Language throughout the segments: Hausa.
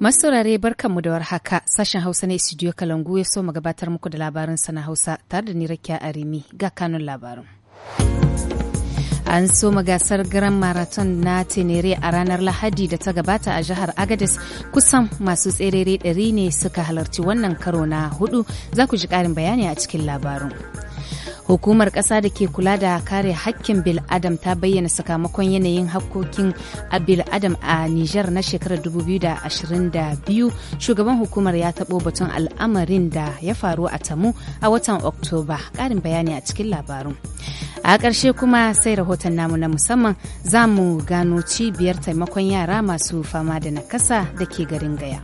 Masaurare kanmu da warhaka sashen Hausa ne Studio Kalangu ya so gabatar muku da labarin sana Hausa tare da ni Arimi ga kanun labarin. An soma gasar Grand Marathon na Tenere a ranar Lahadi da ta gabata a jihar Agadez kusan masu tserere ɗari ne suka halarci wannan karo na hudu za ku ji ƙarin bayani a cikin labarin. Hukumar ƙasa da ke kula da kare hakkin bil adam ta bayyana sakamakon yanayin hakkokin a adam a Nijar na shekarar 2022. Shugaban hukumar ya taɓo batun al'amarin da ya faru a Tamu a watan Oktoba. Ƙarin bayani a cikin labarun. A ƙarshe kuma sai rahoton namu na musamman za mu gano cibiyar taimakon yara masu fama da nakasa da ke garin Gaya.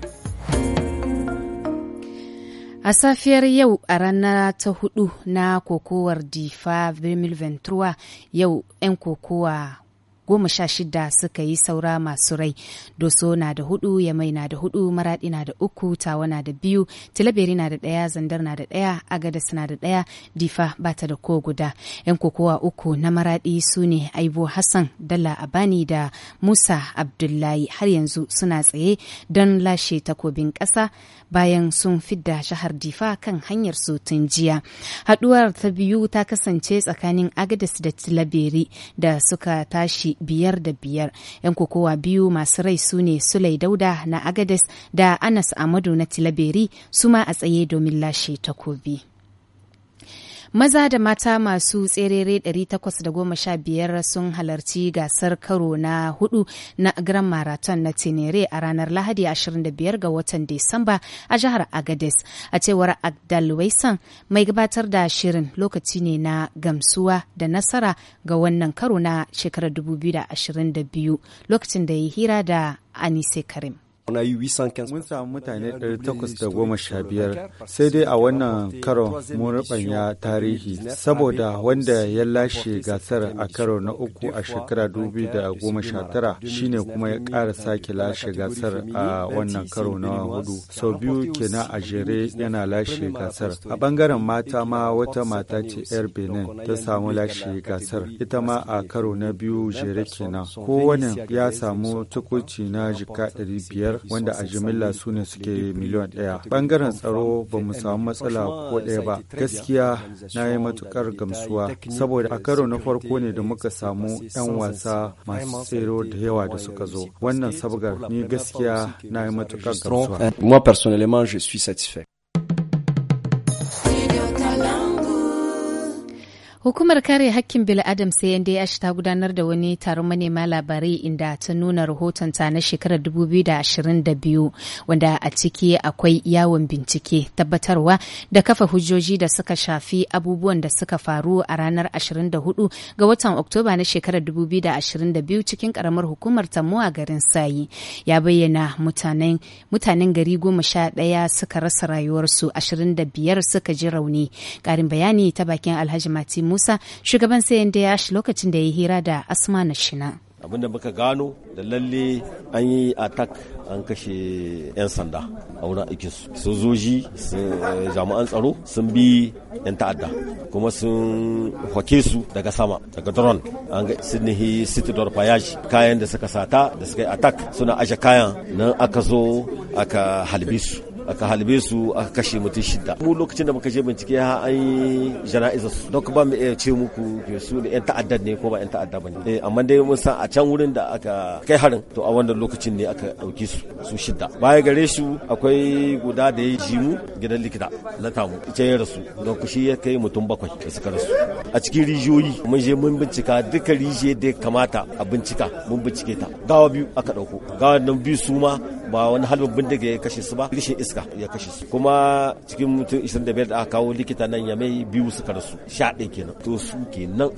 A safiyar yau a rana ta hudu na kokowar Difa 2023 yau 'yan kokowa goma sha shida suka yi saura masu rai doso na da hudu yamai na da hudu maradi na da uku tawa na da biyu tilaberi na da daya zandar na da daya agadas na da daya difa bata da ko guda yan kokowa uku na maradi su ne aibo hassan dala abani da musa abdullahi har yanzu suna tsaye don lashe takobin kasa bayan sun fidda shahar difa kan hanyar su tun jiya haduwar ta biyu ta kasance tsakanin agadas da tilaberi da suka tashi biyar da biyar. 'Yan kokowa biyu masu rai su ne Sulai Dauda na Agades da Anas Amadu na Tilaberi su ma a tsaye domin lashe takobi. Maza da mata masu tserere 815 sun halarci gasar karo na hudu na Grand Marathon na Tenere a ranar Lahadi 25 ga watan Disamba a jihar Agades. A cewar Agdal Waisan mai gabatar da shirin lokaci ne na gamsuwa da nasara ga wannan karo na shekarar 2022 lokacin da ya hira da Anise Karim. Mun samu mutane 815 sai dai a wannan karo mun rubanya tarihi saboda wanda ya lashe gasar a karo na uku a shekara 2019 shine kuma ya kara sake lashe gasar a wannan karo na hudu. Sau biyu kenan a jere yana lashe gasar. A bangaren mata ma wata mata ce 'yar Benin ta samu lashe gasar ita ma a karo na biyu jere kenan. Kowane ya samu tukuci na jika 500 wanda a jimilla su ne suke miliyan ɗaya. Bangaren tsaro ba mu samu matsala ko ɗaya ba. Gaskiya na yi matukar gamsuwa saboda a karo na farko ne da muka samu 'yan wasa masu tsero da yawa da suka zo. Wannan sabgar ni gaskiya na yi matukar gamsuwa. Moi personnellement je suis satisfait. Hukumar kare hakkin bil'adam CNDH ta gudanar da wani taron manema labarai inda ta nuna rahotonta na shekarar 2022 wanda a ciki akwai yawon bincike tabbatarwa da kafa hujjoji da suka shafi abubuwan da suka faru a ranar 24 ga watan Oktoba na shekarar 2022 cikin karamar hukumar ta a garin Sayi. Ya bayyana mutanen mutanen gari goma sha ɗaya suka rasa rayuwarsu 25 suka ji rauni. Karin bayani ta bakin Alhaji Matimu Musa shugaban ya yashi lokacin da ya hira da Asma na Shina. abin da muka gano da lalle an yi attack an kashe 'yan sanda a wurin su sojoji eh, jami'an tsaro sun bi 'yan ta'adda kuma sun hake su daga sama daga drone an ga sinihi city door fayaji kayan da suka sata da suka yi attack suna aje kayan nan aka zo aka halbe su aka halbe su aka kashe mutum shida mu lokacin da muka je bincike ha an yi jana'izar su don ba mu iya ce muku ke su ne yan ta'addar ne ko ba yan ta'adda ba ne eh, amma dai mun san a can wurin da aka kai harin to a wannan lokacin ne aka ɗauki su su shida baya gare su akwai guda da ya ji mu gidan likita na tamu ita ya rasu don shi ya kai mutum bakwai da suka rasu a cikin rijiyoyi mun je mun bincika duka rijiyar da ya kamata a bincika mun bincike ta gawa biyu aka ɗauko gawa nan biyu su ma ba wani halin bindiga ya kashe su ba rishin iska ya kashe su kuma cikin mutum 25 da aka kawo likita nan ya mai biyu suka rasu sha ɗin kenan to su kenan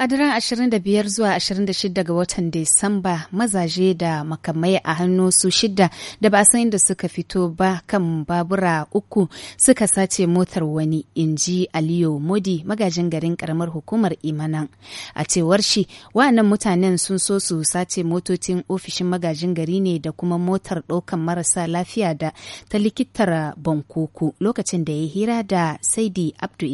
A daren 25 zuwa 26 ga watan Disamba mazaje da makamai a hannu su shida da ba san inda suka fito ba kan babura uku suka sace motar wani inji Aliyu Modi magajin garin karamar hukumar Imanan. A cewar shi wa'annan mutanen sun so su sace motocin ofishin magajin gari ne da kuma motar ɗaukan marasa lafiya da ta likitar bankoku lokacin da ya hira da Saidi Abdu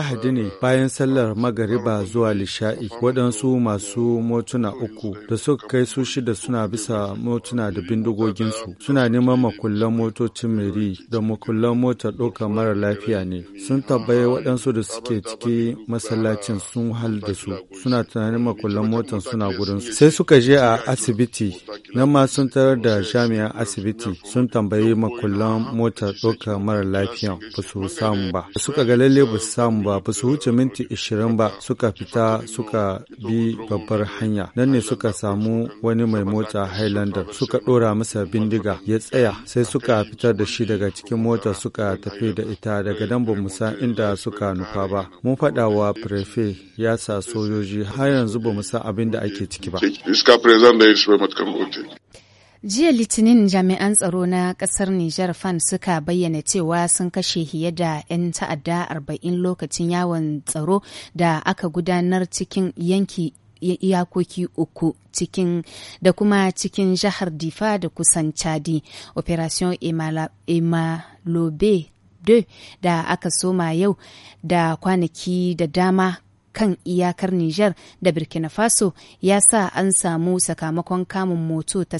Lahadi ne bayan sallar magariba zuwa lisha'i waɗansu masu motuna uku da suka kai su shida suna bisa motuna da bindigoginsu suna neman makullan motocin meri da makullan motar ɗaukar mara lafiya ne sun tabbaye waɗansu da suke ciki masallacin sun hal da su suna tunanin makullan motar suna su. sai suka je a asibiti nan ma sun tarar da jami'an asibiti sun tambayi makullan motar ɗaukar mara lafiya ba su samu ba suka ga lalle ba su samu ba su wuce minti ishirin ba suka fita suka bi babbar hanya nan ne suka samu wani mai mota highlander suka dora masa bindiga ya tsaya sai suka fitar da shi daga cikin mota suka tafi da ita daga nan ba san inda suka nufa ba mun faɗa wa prefe ya sa sojoji har yanzu ba mu san abin da ake ciki ba Jiya Litinin jami'an tsaro na kasar Nijar Fan suka bayyana cewa sun kashe fiye da 'yan ta'adda arba'in lokacin yawon tsaro da aka gudanar cikin yanki iyakoki uku cikin da kuma cikin jihar Difa da kusan Chadi. Operation Emalobe 2 da aka soma yau da kwanaki da dama kan iyakar Nijar da Burkina Faso ya sa an samu sakamakon kamun moto ta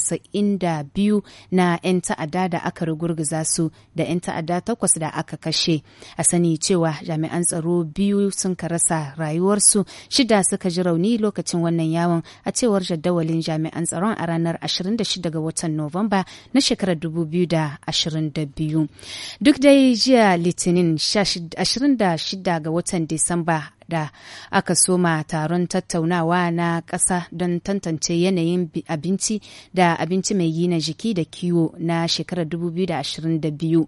da biyu na 'yan ta'adda da aka rugurguza su da 'yan ta'adda takwas da aka kashe. A sani cewa jami'an tsaro biyu sun rasa rayuwarsu shida suka ji rauni lokacin wannan yawon a cewar jadawalin jami'an tsaron a ranar 26 ga watan Nuwamba na shekarar 2022. Duk dai jiya Litinin 26 ga watan Disamba da aka soma taron tattaunawa na ƙasa don tantance yanayin abinci da abinci mai gina jiki da kiwo na shekarar 2022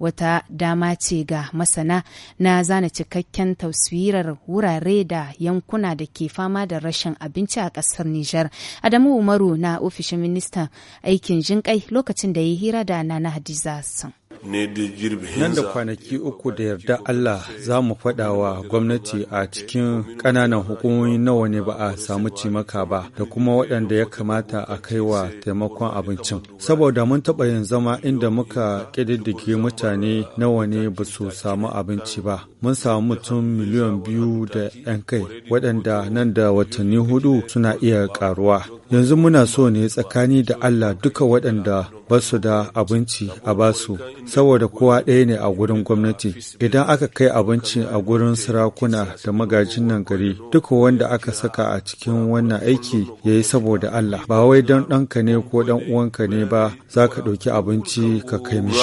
wata dama ce ga masana na zana cikakken taswirar wurare da yankuna da ke fama da rashin abinci a ƙasar Nijar. Adamu Umaru na ofishin ministan aikin jinƙai lokacin da ya hira da Nana Hadiza Sun. Nan da kwanaki uku da yarda Allah za mu faɗa wa gwamnati a cikin ƙananan hukumomi nawa ne ba a samu cimaka ba da kuma waɗanda ya kamata a kai wa taimakon abincin. Saboda mun taɓa yin zama inda muka ƙididdige mutane nawa ne ba su samu abinci ba. Mun samu mutum miliyan biyu da 'yan kai waɗanda nan da watanni hudu suna iya ƙaruwa. Yanzu muna so ne tsakani da Allah duka waɗanda ba su da abinci a basu saboda kowa ɗaya ne a gurin gwamnati idan aka kai abinci a gurin sarakuna da magajin nan gari duk wanda aka saka a cikin wannan aiki ya yi saboda Allah ba wai don ɗanka ne ko ɗan uwanka ne ba za ka ɗauki abinci ka kai mishi.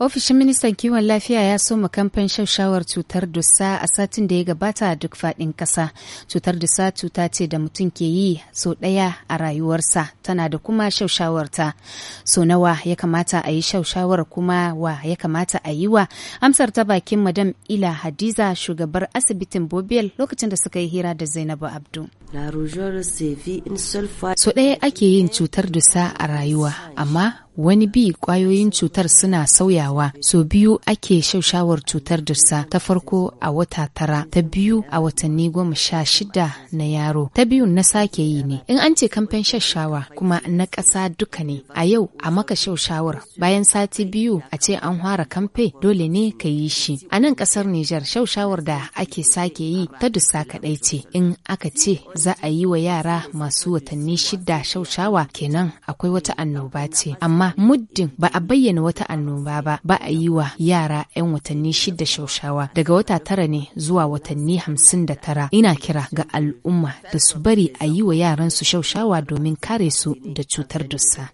Ofishin Ministan Kiwon Lafiya ya soma kamfan shaushawar cutar dusa a satin da ya gabata a duk fadin kasa Cutar dusa cuta ce da mutum ke yi so ɗaya a rayuwarsa tana da kuma shaushawarta. So nawa ya kamata a yi shaushawar kuma wa ya kamata a yi wa amsar ta bakin Madam Ila Hadiza shugabar asibitin Bobiel lokacin da suka yi hira da Zainabu Abdu. So ɗaya ake yin cutar dusa a rayuwa amma wani bi kwayoyin cutar suna sauyawa so biyu ake shaushawar cutar dirsa ta farko a wata tara ta biyu a watanni goma sha shida na yaro ta biyun na sake yi ne in an ce kamfen shashawa kuma na ƙasa duka ne a yau a maka shaushawar bayan sati biyu a ce an fara kamfe dole ne ka yi shi a nan ƙasar Nijar shaushawar da ake sake yi ta dusa kaɗai ce in aka ce za a yi wa yara masu watanni shida shaushawa kenan akwai wata annoba ce amma amma muddin ba a bayyana wata annoba ba ba a yi wa yara 'yan watanni shida shaushawa daga wata tara ne zuwa watanni hamsin da tara ina kira ga al'umma da su bari a yi wa yaran su shaushawa domin kare su da cutar dussa.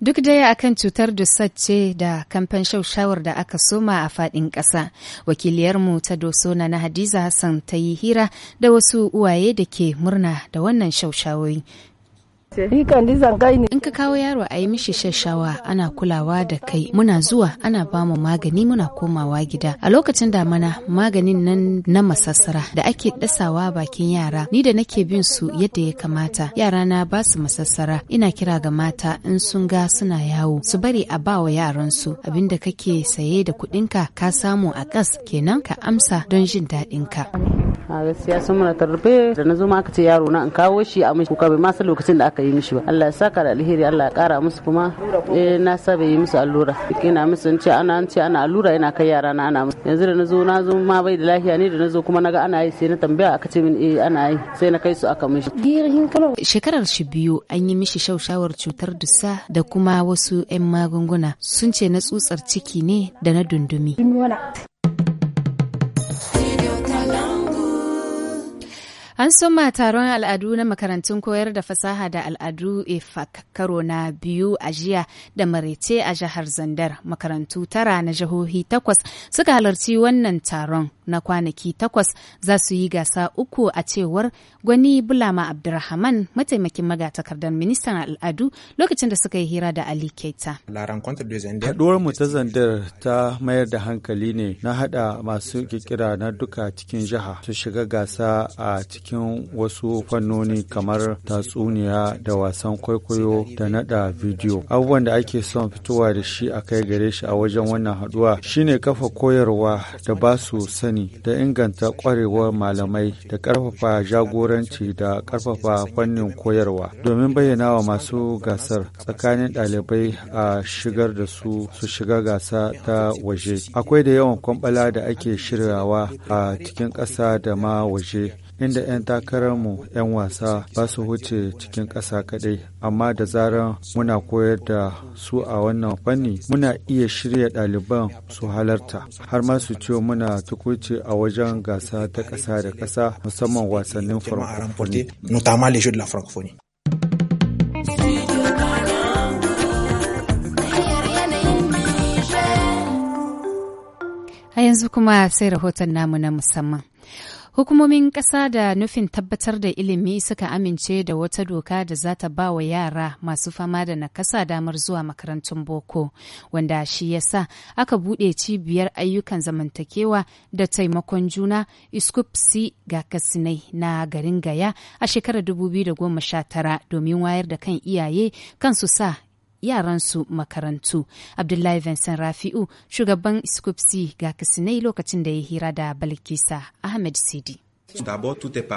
Duk daya akan cutar dusa ce da kamfan shaushawar da aka soma a fadin ƙasa. Wakiliyarmu ta doso na Hadiza Hassan ta yi hira da wasu uwaye da ke murna da wannan shaushawoyi. In ka kawo yaro a yi mishi shashawa ana kulawa da kai muna zuwa ana ba mu magani muna komawa gida. A lokacin damana maganin nan na masassara da ake dasawa bakin yara ni da nake bin su yadda ya kamata. Yara na ba su masassara ina kira ga mata in sun ga suna yawo su bari a ba wa yaransu da kake saye da kudinka ka samu a kas kenan ka amsa don jin daɗinka. a gaskiya sun mana tarbe da na zo ma aka ce yaro na in kawo shi a mishi kuka bai ma san lokacin da aka yi mishi ba Allah ya saka da alheri Allah ya kara musu kuma eh na saba yi musu allura ina musu in ce ana an ce ana allura ina kai yara na ana musu yanzu da na zo na zo ma bai da lafiya ne da na zo kuma naga ana yi sai na tambaya aka ce min eh ana yi sai na kai su aka mishi shekarar shi biyu an yi mishi shaushawar cutar dusa da kuma wasu 'yan magunguna sun ce na tsutsar ciki ne da na dundumi An soma taron al'adu na makarantun koyar da fasaha da al'adu EFAC karo na biyu a jiya da marece a jihar Zandar. Makarantu tara na jihohi takwas suka halarci wannan taron. na kwanaki takwas za su yi gasa uku a cewar gwani bulama abdurrahman mataimakin magatakardar ministan al'adu lokacin da suka yi hira da ali keita haɗuwar mu ta zandar ta mayar da hankali ne na haɗa masu kikira na duka cikin jiha su shiga gasa a cikin wasu fannoni kamar tatsuniya da wasan kwaikwayo da naɗa bidiyo abubuwan da ake son fitowa da shi a kai gare shi a wajen wannan haɗuwa shine kafa koyarwa da ba su sani ne da inganta kwarewar malamai da ƙarfafa jagoranci da ƙarfafa fannin koyarwa domin bayyana wa masu gasar tsakanin ɗalibai a shigar da su su shiga gasa ta waje. Akwai da yawan kwambala da ake shiryawa a cikin ƙasa da ma waje inda 'yan takarar mu 'yan wasa ba su huce cikin ƙasa kaɗai amma da zarar muna koyar da su a wannan fanni muna iya shirya ɗaliban su halarta har ma su ciwo muna tukuce a wajen gasa ta ƙasa da ƙasa musamman wasannin francophonie A yanzu kuma sai rahoton namu na musamman. Hukumomin ƙasa da nufin tabbatar da ilimi suka amince da wata doka da za ta ba wa yara masu fama da nakasa damar zuwa makarantun boko, wanda shi ya sa aka buɗe cibiyar ayyukan zamantakewa da taimakon juna iskupsi ga kasinai na garin Gaya a shekarar 2019 domin wayar da kan iyaye kan su sa yaransu makarantu. Abdullahi Vincent Rafi'u shugaban Iskupsi ga kasinai lokacin da ya hira da Balkisa Ahmed Sidi.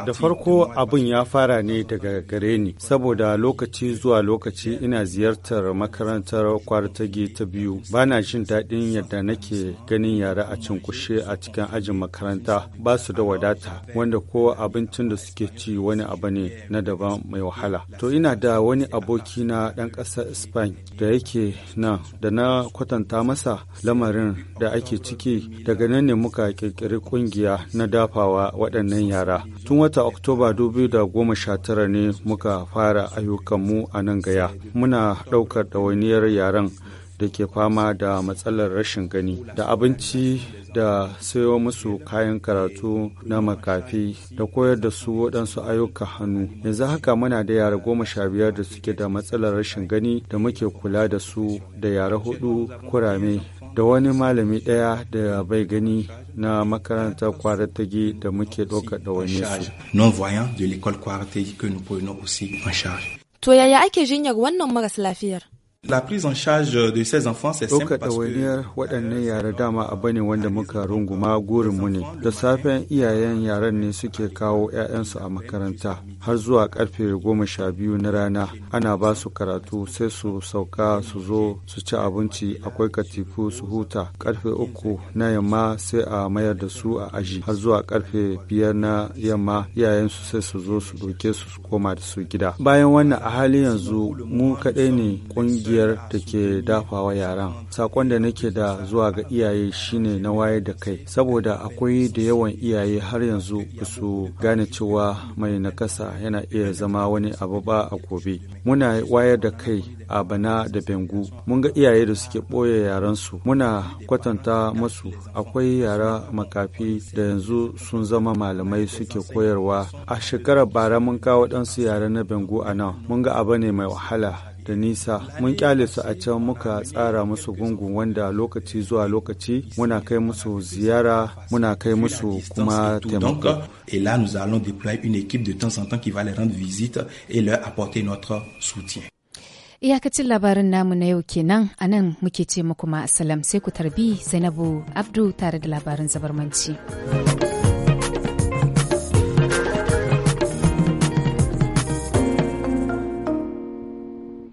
Da farko abin ya fara ne daga gare ni, saboda lokaci zuwa lokaci ina ziyartar makarantar kwartage ta biyu. Bana jin daɗin yadda nake ganin yara a cinkushe a cikin ajin makaranta ba su da wadata, wanda ko abincin da suke ci wani abu ne na daban mai wahala. To ina da wani aboki na ɗan ƙasar Spain da yake nan da na kwatanta masa lamarin da ake ciki daga nan ne muka ƙirƙiri ƙungiya na dafawa waɗannan ƙananan yara. Tun wata Oktoba 2019 ne muka fara ayyukanmu a nan gaya. Muna ɗaukar ɗawainiyar yaran da ke fama da matsalar rashin gani da abinci da sayo musu kayan karatu na makafi da koyar da su waɗansu ayyuka hannu yanzu haka muna da yara goma sha biyar da suke da matsalar rashin gani da muke kula da su da yara hudu kurame da wani malami ɗaya da bai gani na makarantar kwaratage da muke da ɗaukar su. To yaya ake jinyar wannan maras lafiyar? La prise en charge de ces enfants, c'est simple parce que waɗannan yara dama abu ne wanda muka runguma mu ne. Da safen iyayen yaran ne suke kawo 'ya'yansu a makaranta har zuwa karfe goma sha biyu na rana. Ana ba su karatu sai su sauka su zo su ci abinci akwai katifu su huta. Karfe uku na yamma sai a mayar da su a aji har zuwa karfe biyar na yamma iyayen su sai su zo su ɗauke su koma da su gida. Bayan wannan a hali yanzu mu kaɗai ne ƙungiyar ƙungiyar da ke dafawa yaran. Sakon da nake da zuwa ga iyaye shine na wayar da kai, saboda akwai da yawan iyaye har yanzu su gane cewa mai nakasa yana iya zama wani abu ba a gobe. Muna wayar da kai a bana da bengu. Mun ga iyaye da suke ɓoye yaransu. Muna kwatanta masu akwai yara makafi da yanzu sun zama malamai suke koyarwa. A shekarar bara mun kawo ɗansu yara na bengu a nan. Mun ga abu ne mai wahala da nisa mun kyale su a can muka tsara musu gungun wanda lokaci zuwa lokaci muna kai musu ziyara muna kai musu kuma taimako et là nous allons déployer une équipe de temps en temps qui va les rendre visite et leur apporter notre soutien Iyakacin labarin namu na yau kenan a nan muke ce muku ma salam sai ku tarbi Zainabu Abdu tare da labarin zabarmanci.